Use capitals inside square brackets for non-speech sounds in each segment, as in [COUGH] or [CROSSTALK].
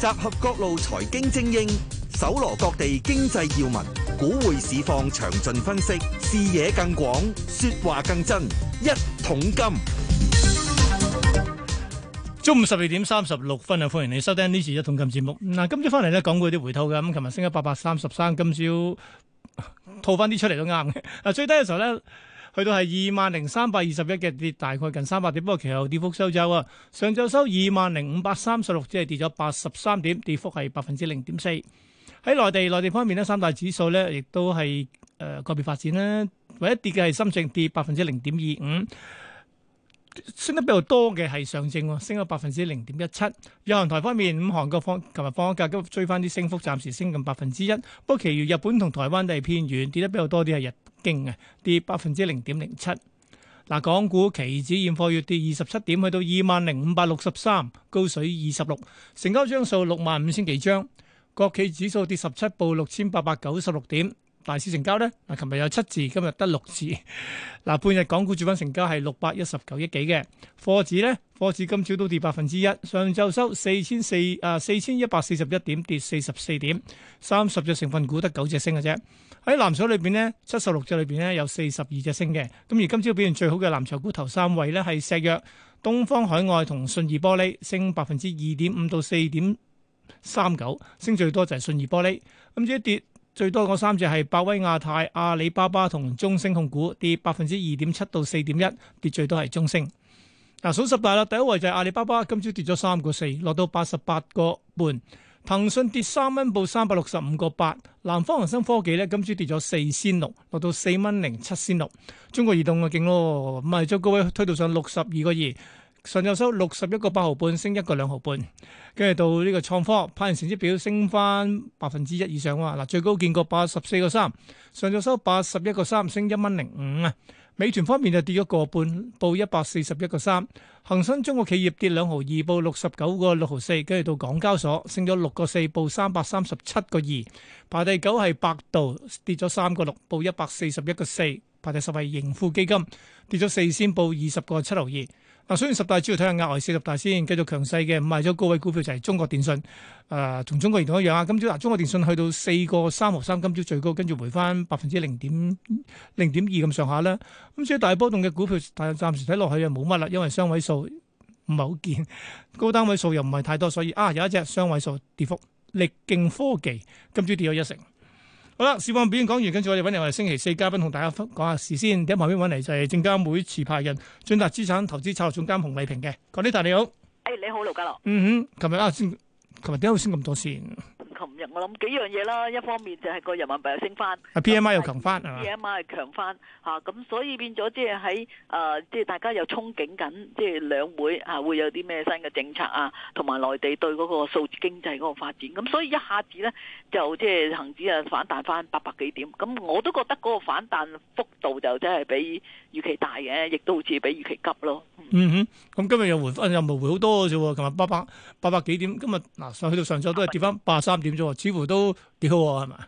集合各路財經精英，搜羅各地經濟要聞，股匯市況詳盡分析，視野更廣，說話更真。一桶金，中午十二點三十六分啊！歡迎你收聽呢次一桶金節目。嗱，今朝翻嚟咧，講過啲回吐嘅咁，琴日升咗八百三十三，今朝套翻啲出嚟都啱嘅。嗱，最低嘅時候咧。去到係二萬零三百二十一嘅跌，大概近三百點，不過其後跌幅收窄，啊。上晝收二萬零五百三十六，只係跌咗八十三點，跌幅係百分之零點四。喺內地，內地方面咧，三大指數咧亦都係誒個別發展啦，唯一跌嘅係深證跌百分之零點二五。升得比較多嘅係上證喎，升咗百分之零點一七。日韓台方面，五韓國放琴日放咗假，急追翻啲升幅，暫時升近百分之一。不過，其餘日本同台灣都係偏軟，跌得比較多啲係日經啊，跌百分之零點零七。嗱，港股期指現貨月跌二十七點，去到二萬零五百六十三，高水二十六，成交張數六萬五千幾張。國企指數跌十七，報六千八百九十六點。大市成交咧，嗱，琴日有七字，今日得六字。嗱，半日港股主板成交係六百一十九億幾嘅。科指咧，科指今朝都跌百分之一，上晝收四千四啊，四千一百四十一點，跌四十四點，三十隻成分股得九隻升嘅啫。喺藍籌裏邊咧，七十六隻裏邊咧有四十二隻升嘅，咁而今朝表現最好嘅藍籌股頭三位咧係石藥、東方海外同信義玻璃，升百分之二點五到四點三九，升最多就係信義玻璃，咁至於跌。最多嗰三隻係百威亞太、阿里巴巴同中升控股，跌百分之二點七到四點一，跌最多係中升。嗱、啊，數十大啦，第一位就係阿里巴巴，今朝跌咗三個四，落到八十八個半。騰訊跌三蚊，報三百六十五個八。南方恒生科技咧，今朝跌咗四仙六，落到四蚊零七仙六。中國移動嘅勁咯，咪將高位推到上六十二個二。上晝收六十一個八毫半，升一個兩毫半。跟住到呢個創科派完成績表升，升翻百分之一以上嗱，最高見過八十四個三。上晝收八十一個三，升一蚊零五啊。美團方面就跌咗個半，報一百四十一個三。恒生中國企業跌兩毫二，報六十九個六毫四。跟住到港交所，升咗六個四，報三百三十七個二。排第九係百度，跌咗三個六，報一百四十一個四。排第十係盈富基金，跌咗四仙，報二十個七毫二。嗱，雖然、啊、十大主要睇下額外四十大先，繼續強勢嘅，五賣咗高位股票就係中國電信。誒、呃，同中國移動一樣啊，今朝嗱，中國電信去到四個三毫三，今朝最高，跟住回翻百分之零點零點二咁上下啦。咁所以大波動嘅股票，但係暫時睇落去啊冇乜啦，因為雙位數唔係好見，高單位數又唔係太多，所以啊有一隻雙位數跌幅，力勁科技今朝跌咗一成。好啦，市況表演講完，跟住我哋揾嚟，我哋星期四嘉賓同大家講一下事先。喺旁邊揾嚟就係證監會持牌人駿達資產投資策略總監熊麗萍嘅，嗰啲大你好。誒、哎，你好，盧家樂。嗯哼，琴日啊先，琴日點解會升咁多先？琴日我諗幾樣嘢啦，一方面就係個人民幣又升翻，P M I 又強翻，P M I 強翻，吓咁吧，啊，所以變咗即係喺誒即係大家又憧憬緊，即係兩會吓會有啲咩新嘅政策啊，同埋內地對嗰個數字經濟嗰個發展，咁所以一下子咧就即係恒指啊反彈翻八百幾點，咁我都覺得嗰個反彈幅度就真係比預期大嘅，亦都好似比預期急咯。嗯哼，咁今日又回又冇回好多嘅啫，琴日八百八百幾點，今日嗱去到上晝都係跌翻八三。點啫？似乎都幾好喎，係嘛？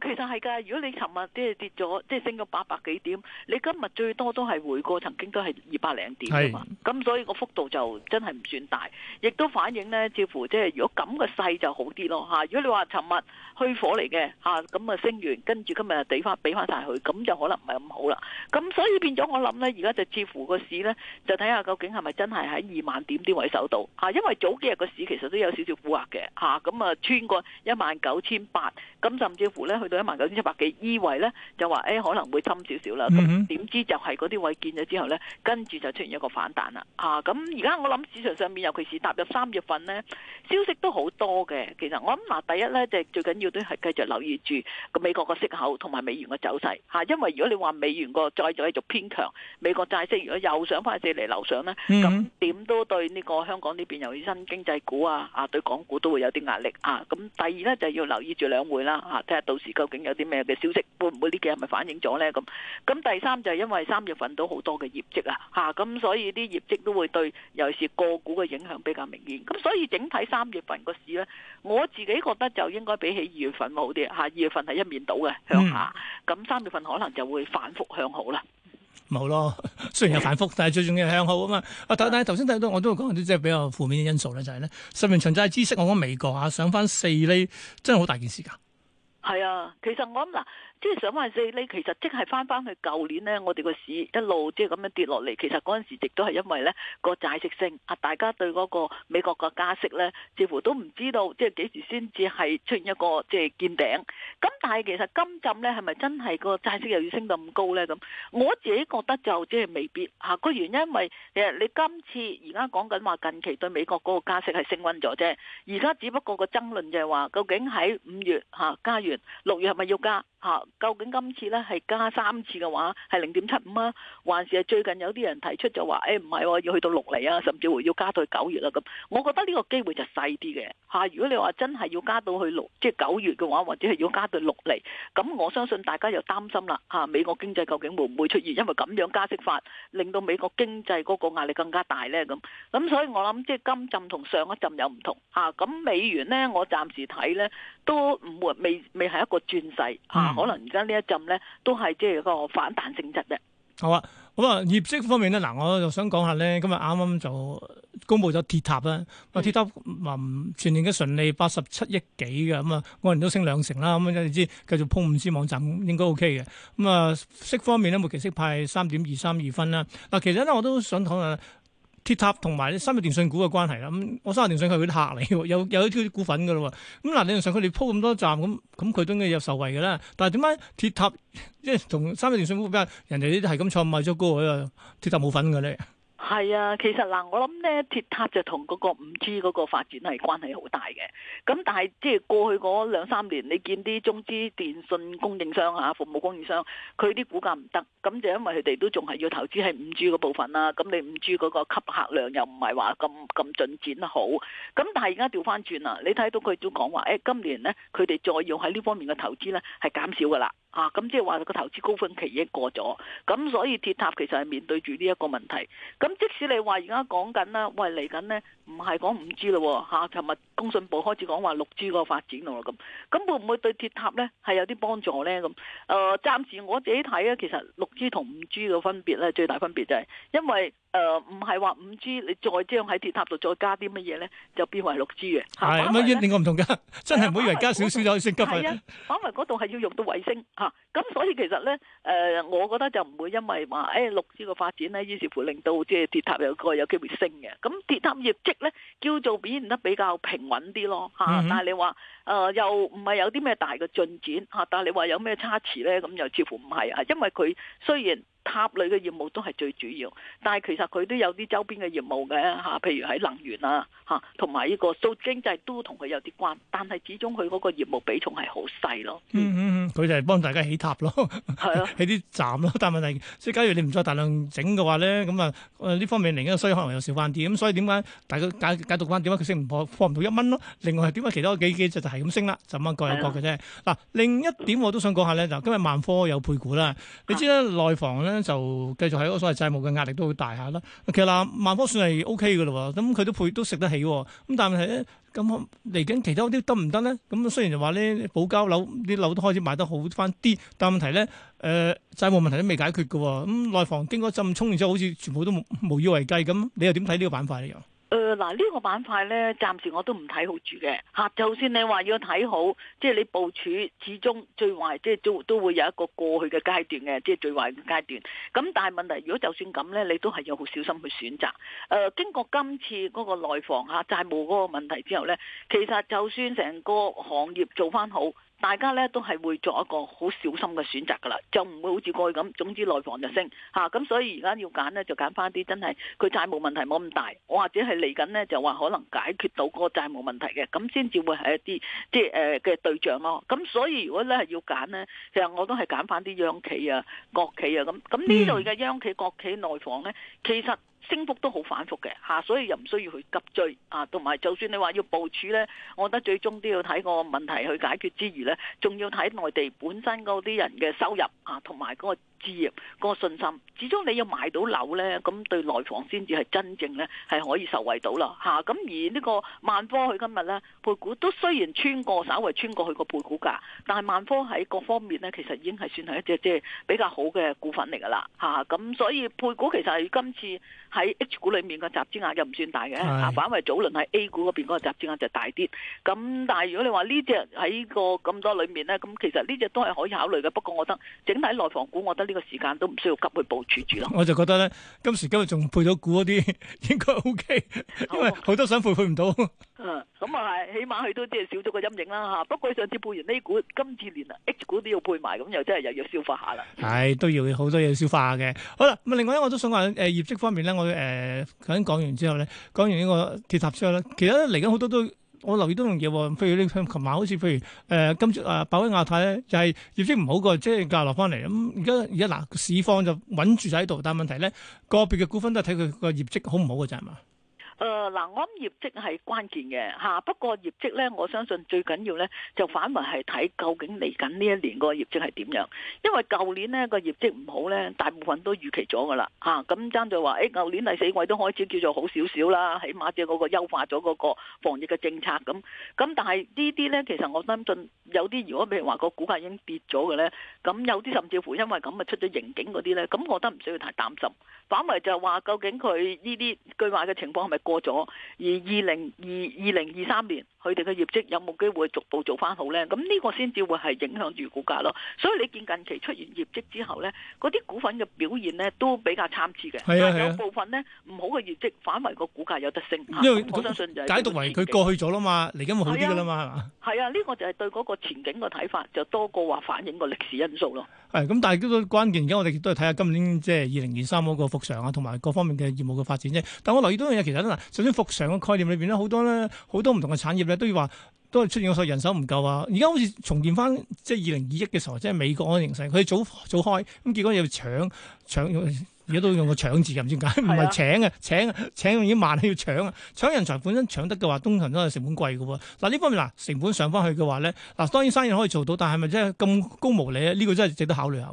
其實係㗎。如果你尋日即係跌咗，即係升到八百幾點，你今日最多都係回過曾經都係二百零點㗎嘛。咁是所以個幅度就真係唔算大，亦都反映呢，似乎即係如果咁嘅勢就好啲咯嚇。如果你話尋日虛火嚟嘅嚇，咁啊升完跟住今日又畀翻，畀翻晒佢，咁就可能唔係咁好啦。咁所以變咗我諗呢，而家就似乎個市呢，就睇下究竟係咪真係喺二萬點啲位守到。嚇、啊。因為早幾日個市其實都有少少沽壓嘅嚇，咁啊穿過一萬九千八，咁甚至乎咧。去到一萬九千七百幾，依位咧就話誒、欸、可能會深少少啦。咁點知就係嗰啲位見咗之後咧，跟住就出現一個反彈啦。嚇、啊！咁而家我諗市場上面，尤其是踏入三月份咧，消息都好多嘅。其實我諗嗱，第一咧就最緊要都係繼續留意住個美國個息口同埋美元嘅走勢嚇、啊。因為如果你話美元個再繼續偏強，美國債息如果又想上翻四厘樓上咧，咁點都對呢個香港呢邊有新經濟股啊啊對港股都會有啲壓力啊。咁第二咧就係、要留意住兩會啦嚇，睇、啊、下到。究竟有啲咩嘅消息？會唔會呢幾日咪反映咗咧？咁咁第三就係因為三月份都好多嘅業績啊，嚇咁，所以啲業績都會對，尤其是個股嘅影響比較明顯。咁所以整體三月份個市咧，我自己覺得就應該比起二月份好啲嚇。二月份係一面倒嘅向下，咁三、嗯嗯、月份可能就會反覆向好啦。冇咯，雖然係反覆， [LAUGHS] 但係最重要係向好啊嘛。但係頭先睇到我都講啲即係比較負面嘅因素咧，就係咧十年長債知識，我講美國啊，上翻四厘，真係好大件事㗎。係啊，其實我諗嗱，即係想話你，其實即係翻翻去舊年呢，我哋個市一路即係咁樣跌落嚟。其實嗰陣時亦都係因為呢個債息升，啊大家對嗰個美國個加息呢，似乎都唔知道即係幾時先至係出現一個即係見頂。咁但係其實今浸呢，係咪真係個債息又要升到咁高呢？咁我自己覺得就即係未必吓。個、啊、原因咪其實你今次而家講緊話近期對美國嗰個加息係升溫咗啫。而家只不過個爭論就係話，究竟喺五月吓、啊、加六月係咪要加？啊、究竟今次呢係加三次嘅話係零點七五啊，還是係最近有啲人提出就話，誒唔係喎，要去到六厘啊，甚至乎要加到去九月啦、啊、咁。我覺得呢個機會就細啲嘅嚇。如果你話真係要加到去六，即係九月嘅話，或者係要加到六厘，咁我相信大家又擔心啦嚇、啊。美國經濟究竟會唔會出現因為咁樣加息法，令到美國經濟嗰個壓力更加大呢？咁、啊。咁所以我諗即係今浸同上一浸有唔同嚇。咁、啊、美元呢，我暫時睇呢都唔會未未係一個轉勢、啊。嗯、可能而家呢一浸咧，都係即係個反彈性質嘅好啊，咁啊，業績方面咧，嗱，我就想講下咧，今日啱啱就公佈咗鐵塔啦。啊、嗯，鐵塔啊，全年嘅純利八十七億幾嘅，咁、嗯、啊，按年都升兩成啦。咁、嗯、你知繼續鋪五 G 網站應該 OK 嘅。咁、嗯、啊，息方面咧，每期息派三點二三二分啦。嗱，其實咧，我都想講啊。鐵塔同埋三日電訊股嘅關係啦，我三日電訊係佢啲客嚟，有有啲股份噶咯喎。咁嗱，理論上佢哋鋪咁多站，咁咁佢都應該有受惠嘅啦。但係點解鐵塔即係同三日電訊股比較，人哋啲係咁錯買咗高股，鐵塔冇份嘅咧？係啊，其實嗱，我諗咧，鐵塔就同嗰個五 G 嗰個發展係關係好大嘅。咁但係即係過去嗰兩三年，你見啲中資電信供應商啊，服務供應商，佢啲股價唔得，咁就因為佢哋都仲係要投資喺五 G 嗰部分啦。咁你五 G 嗰個吸客量又唔係話咁咁進展好。咁但係而家調翻轉啦，你睇到佢都講話，誒、欸，今年呢，佢哋再要喺呢方面嘅投資呢，係減少噶啦。啊，咁即係話個投資高峰期已經過咗，咁所以鐵塔其實係面對住呢一個問題。咁即使你話而家講緊啦，喂嚟緊咧。唔係講五 G 咯，嚇！尋日工信部開始講話六 G 個發展咯，咁咁會唔會對鐵塔咧係有啲幫助咧？咁、呃、誒，暫時我自己睇咧，其實六 G 同五 G 個分別咧，最大分別就係、是、因為誒唔係話五 G 你再將喺鐵塔度再加啲乜嘢咧，就變為六 G 嘅。係的，咁樣呢個唔同嘅，真係每樣加少少就可以升級啊！係啊，反為嗰度係要用到衞星嚇，咁、啊、所以其實咧誒、呃，我覺得就唔會因為話誒六 G 個發展咧，於是乎令到即係鐵塔有個有機會升嘅。咁鐵塔業咧叫做表現得比較平穩啲咯吓，但係你話。 [NOISE] 誒、呃、又唔係有啲咩大嘅進展嚇、啊，但係你話有咩差池咧，咁又似乎唔係啊，因為佢雖然塔類嘅業務都係最主要，但係其實佢都有啲周邊嘅業務嘅嚇、啊，譬如喺能源啊嚇，同埋呢個數經濟都同佢有啲關，但係始終佢嗰個業務比重係好細咯。佢、嗯嗯嗯、就係幫大家起塔咯，係咯，起啲站咯。但係問題即係假如你唔再大量整嘅話咧，咁啊呢方面零嘅收益可能又少翻啲。咁所以點解大家解解讀翻點解佢升唔破唔到一蚊咯？另外係點解其他幾幾隻？係咁升啦，就咁各有各嘅啫。嗱、啊，另一點我都想講下咧，就今日萬科有配股啦。你知啦，內房咧就繼續喺嗰所謂債務嘅壓力都好大下啦。其實嗱，萬科算係 OK 嘅咯，咁佢都配都食得起。咁但係咧，咁嚟緊其他啲得唔得咧？咁雖然就話咧，保交樓啲樓都開始賣得好翻啲，但問題咧，誒，債務問題都未解決嘅。咁內房經過浸衝完之後，好似全部都無,無以為繼咁。你又點睇呢個板塊咧？又？誒嗱，呢、呃這個板塊呢，暫時我都唔睇好住嘅嚇。就算你話要睇好，即、就、係、是、你部署始終，始終最壞即係都都會有一個過去嘅階段嘅，即、就、係、是、最壞嘅階段。咁但係問題，如果就算咁呢，你都係要好小心去選擇。誒、呃，經過今次嗰個內房嚇債務嗰個問題之後呢，其實就算成個行業做翻好。大家咧都係會做一個好小心嘅選擇㗎啦，就唔會好似過去咁，總之內房就升嚇，咁、啊、所以而家要揀呢，就揀翻啲真係佢債務問題冇咁大，或者係嚟緊呢，就話可能解決到嗰個債務問題嘅，咁先至會係一啲即係誒嘅對象咯、啊。咁所以如果咧係要揀呢，其實我都係揀翻啲央企啊、國企啊咁。咁呢度嘅央企、國企內房呢，其實。升幅都好反復嘅吓，所以又唔需要去急追啊。同埋就算你話要部署咧，我覺得最終都要睇個問題去解決之餘咧，仲要睇內地本身嗰啲人嘅收入啊，同埋嗰個。置業嗰個信心，始終你要買到樓咧，咁對內房先至係真正咧係可以受惠到啦，吓、啊、咁而呢個萬科佢今日咧配股都雖然穿過，稍微穿過去個配股價，但係萬科喺各方面咧，其實已經係算係一隻即係比較好嘅股份嚟噶啦，吓、啊、咁所以配股其實係今次喺 H 股裏面個集資額又唔算大嘅，吓反是為早輪喺 A 股嗰邊個集資額就大啲。咁但係如果你話呢隻喺個咁多裏面咧，咁其實呢隻都係可以考慮嘅。不過我覺得整體內房股，我覺得。呢個時間都唔需要急去部署住咯。我就覺得咧，今時今日仲配咗股嗰啲，應該 O K，因為好多想配配唔到。哦、 [LAUGHS] 嗯，咁啊係，起碼佢都即係少咗個陰影啦吓。不過上次配完呢股，今次連啊 H 股都要配埋，咁又真係又要消化下啦。係、哎、都要好多嘢消化嘅。好啦，咁啊，另外咧，我都想話誒、呃，業績方面咧，我誒、咁、呃、頭先講完之後咧，講完呢個鐵塔之後咧，其實嚟緊好多都。我留意到樣嘢喎，譬如你琴晚好似譬如誒、呃、今朝啊，飽、呃、喺亞太咧，就係、是、業績唔好過，即係價落翻嚟咁。而家而家嗱，市況就穩住喺度，但問題咧，個別嘅股份都係睇佢個業績好唔好㗎咋係嘛？誒嗱、呃，我諗業績係關鍵嘅嚇、啊，不過業績咧，我相信最緊要咧就反為係睇究竟嚟緊呢一年個業績係點樣，因為舊年呢個業績唔好咧，大部分都預期咗㗎啦嚇，咁爭在話誒舊年第四季都開始叫做好少少啦，起碼就係嗰個優化咗嗰個防疫嘅政策咁，咁但係呢啲咧其實我相信有啲如果譬如話個股價已經跌咗嘅咧，咁有啲甚至乎因為咁咪出咗刑警嗰啲咧，咁我覺得唔需要太擔心，反為就係話究竟佢呢啲句話嘅情況係咪過咗，而二零二二零二三年，佢哋嘅業績有冇機會逐步做翻好咧？咁呢個先至會係影響住股價咯。所以你見近期出現業績之後咧，嗰啲股份嘅表現咧都比較參差嘅。係啊，係部分咧唔、啊、好嘅業績反為個股價有得升。因為、啊、我相信就解讀為佢過去咗啦嘛，嚟緊會好啲㗎啦嘛。係啊，呢、啊，這個就係對嗰個前景嘅睇法，就多過話反映個歷史因素咯。係咁、啊，但係都關鍵而家我哋都係睇下今年即係二零二三嗰個復常啊，同埋各方面嘅業務嘅發展啫。但我留意到一樣嘢，其實都首先復常嘅概念裏邊咧，好多咧好多唔同嘅產業都要話都係出現個所謂人手唔夠啊！而家好似重建翻，即係二零二一嘅時候，即係美國嗰形勢，佢早早開咁，結果又搶搶，而家都用個搶字咁點解，唔係請啊，請啊請已經慢，係要搶啊！搶人才本身搶得嘅話，通常都係成本貴嘅喎。嗱、啊、呢方面嗱成本上翻去嘅話咧，嗱、啊、當然生意可以做到，但係咪真係咁高毛利啊？呢、這個真係值得考慮下、啊。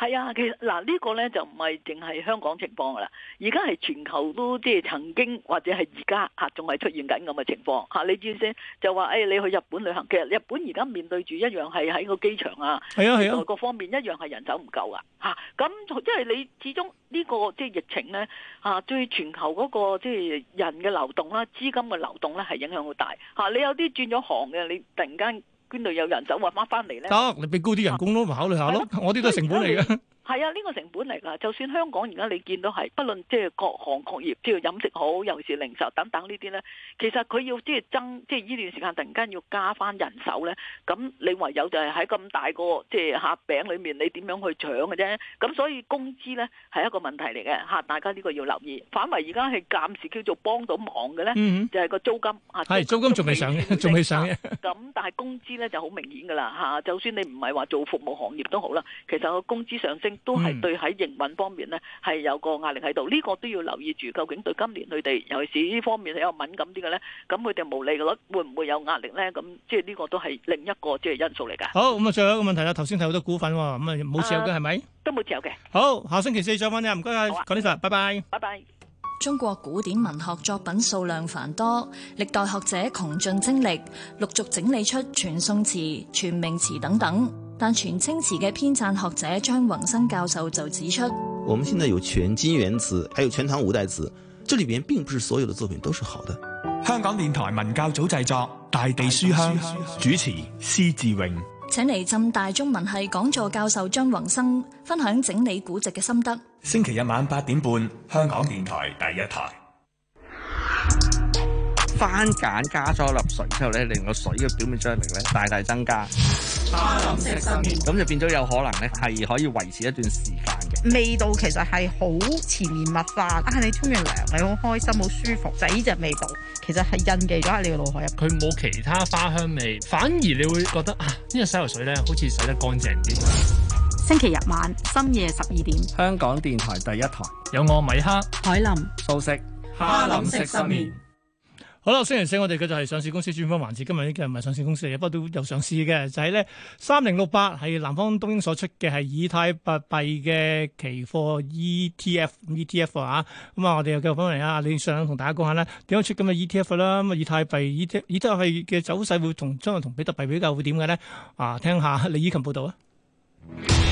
係啊，其實嗱、啊這個、呢個咧就唔係淨係香港情況噶啦，而家係全球都即係曾經或者係而家嚇仲係出現緊咁嘅情況嚇、啊。你知先就話誒、哎，你去日本旅行，其實日本而家面對住一樣係喺個機場啊，係啊，係啊，各方面一樣係人手唔夠啊嚇。咁即係你始終呢、這個即係疫情咧嚇、啊、對全球嗰、那個即係人嘅流動啦、資金嘅流動咧係影響好大嚇、啊。你有啲轉咗行嘅，你突然間。邊度有人走啊？翻翻嚟咧，得你俾高啲人工咯，咪考慮下咯。我啲都係成本嚟嘅。 [LAUGHS] 係啊，呢、呢個成本嚟噶。就算香港而家你見到係，不論即係各行各業，即係飲食好，尤其是零售等等呢啲咧，其實佢要即係增，即係呢段時間突然間要加翻人手咧，咁你唯有就係喺咁大個即係客餅裏面你，你點樣去搶嘅啫？咁所以工資咧係一個問題嚟嘅吓，大家呢個要留意。反為而家係暫時叫做幫到忙嘅咧，嗯嗯就係個租金嚇。係的租金仲未上仲未金上嘅。咁 [LAUGHS] 但係工資咧就好明顯㗎啦吓，就算你唔係話做服務行業都好啦，其實個工資上升。都係對喺營運方面咧，係有個壓力喺度。呢個都要留意住，究竟對今年佢哋，尤其是呢方面係有敏感啲嘅咧，咁佢哋嘅毛利率會唔會有壓力咧？咁即係呢個都係另一個即係因素嚟噶。好，咁啊，最後一個問題啦。頭先睇好多股份，咁啊冇持有嘅係咪？都冇持有嘅。好，下星期四再翻你，唔該，講呢度，拜拜。拜拜。中國古典文學作品數量繁多，歷代學者窮盡精力，陸續整理出全宋詞、全明詞等等。但全清詞嘅編撰學者張宏生教授就指出：我們現在有全金元詞，還有全唐五代詞，這裏邊並不是所有的作品都是好的。香港電台文教組製作，《大地書香》書香，主持施志榮，請嚟浸大中文系講座教授張宏生分享整理古籍嘅心得。星期日晚八點半，香港電台第一台。嗯、番鹼加咗粒水之後呢，令個水嘅表面張力呢大，大大增加。咁就變咗有可能咧，係可以維持一段時間嘅味道。其實係好前面蜜化，但係你沖完涼，你好開心，好舒服。就呢隻味道，其實係印記咗喺你嘅腦海入。佢冇其他花香味，反而你會覺得啊，呢隻洗頭水咧，好似洗得乾淨啲。星期日晚深夜十二點，香港電台第一台，有我米克、海林、素食、花林食心面。好啦，星期四我哋嘅就係上市公司專訪環節，今日呢嘅唔係上市公司嚟，不過都有上市嘅，就係咧三零六八，係南方東英所出嘅係以太幣嘅期貨 ETF，ETF 啊，咁啊我哋又繼續翻嚟啊，李尚同大家講下啦，點樣出咁嘅 ETF 啦，咁以太幣以以太幣嘅走勢會同將嚟同比特幣比較會點嘅咧？啊，聽下李依琴報道啊。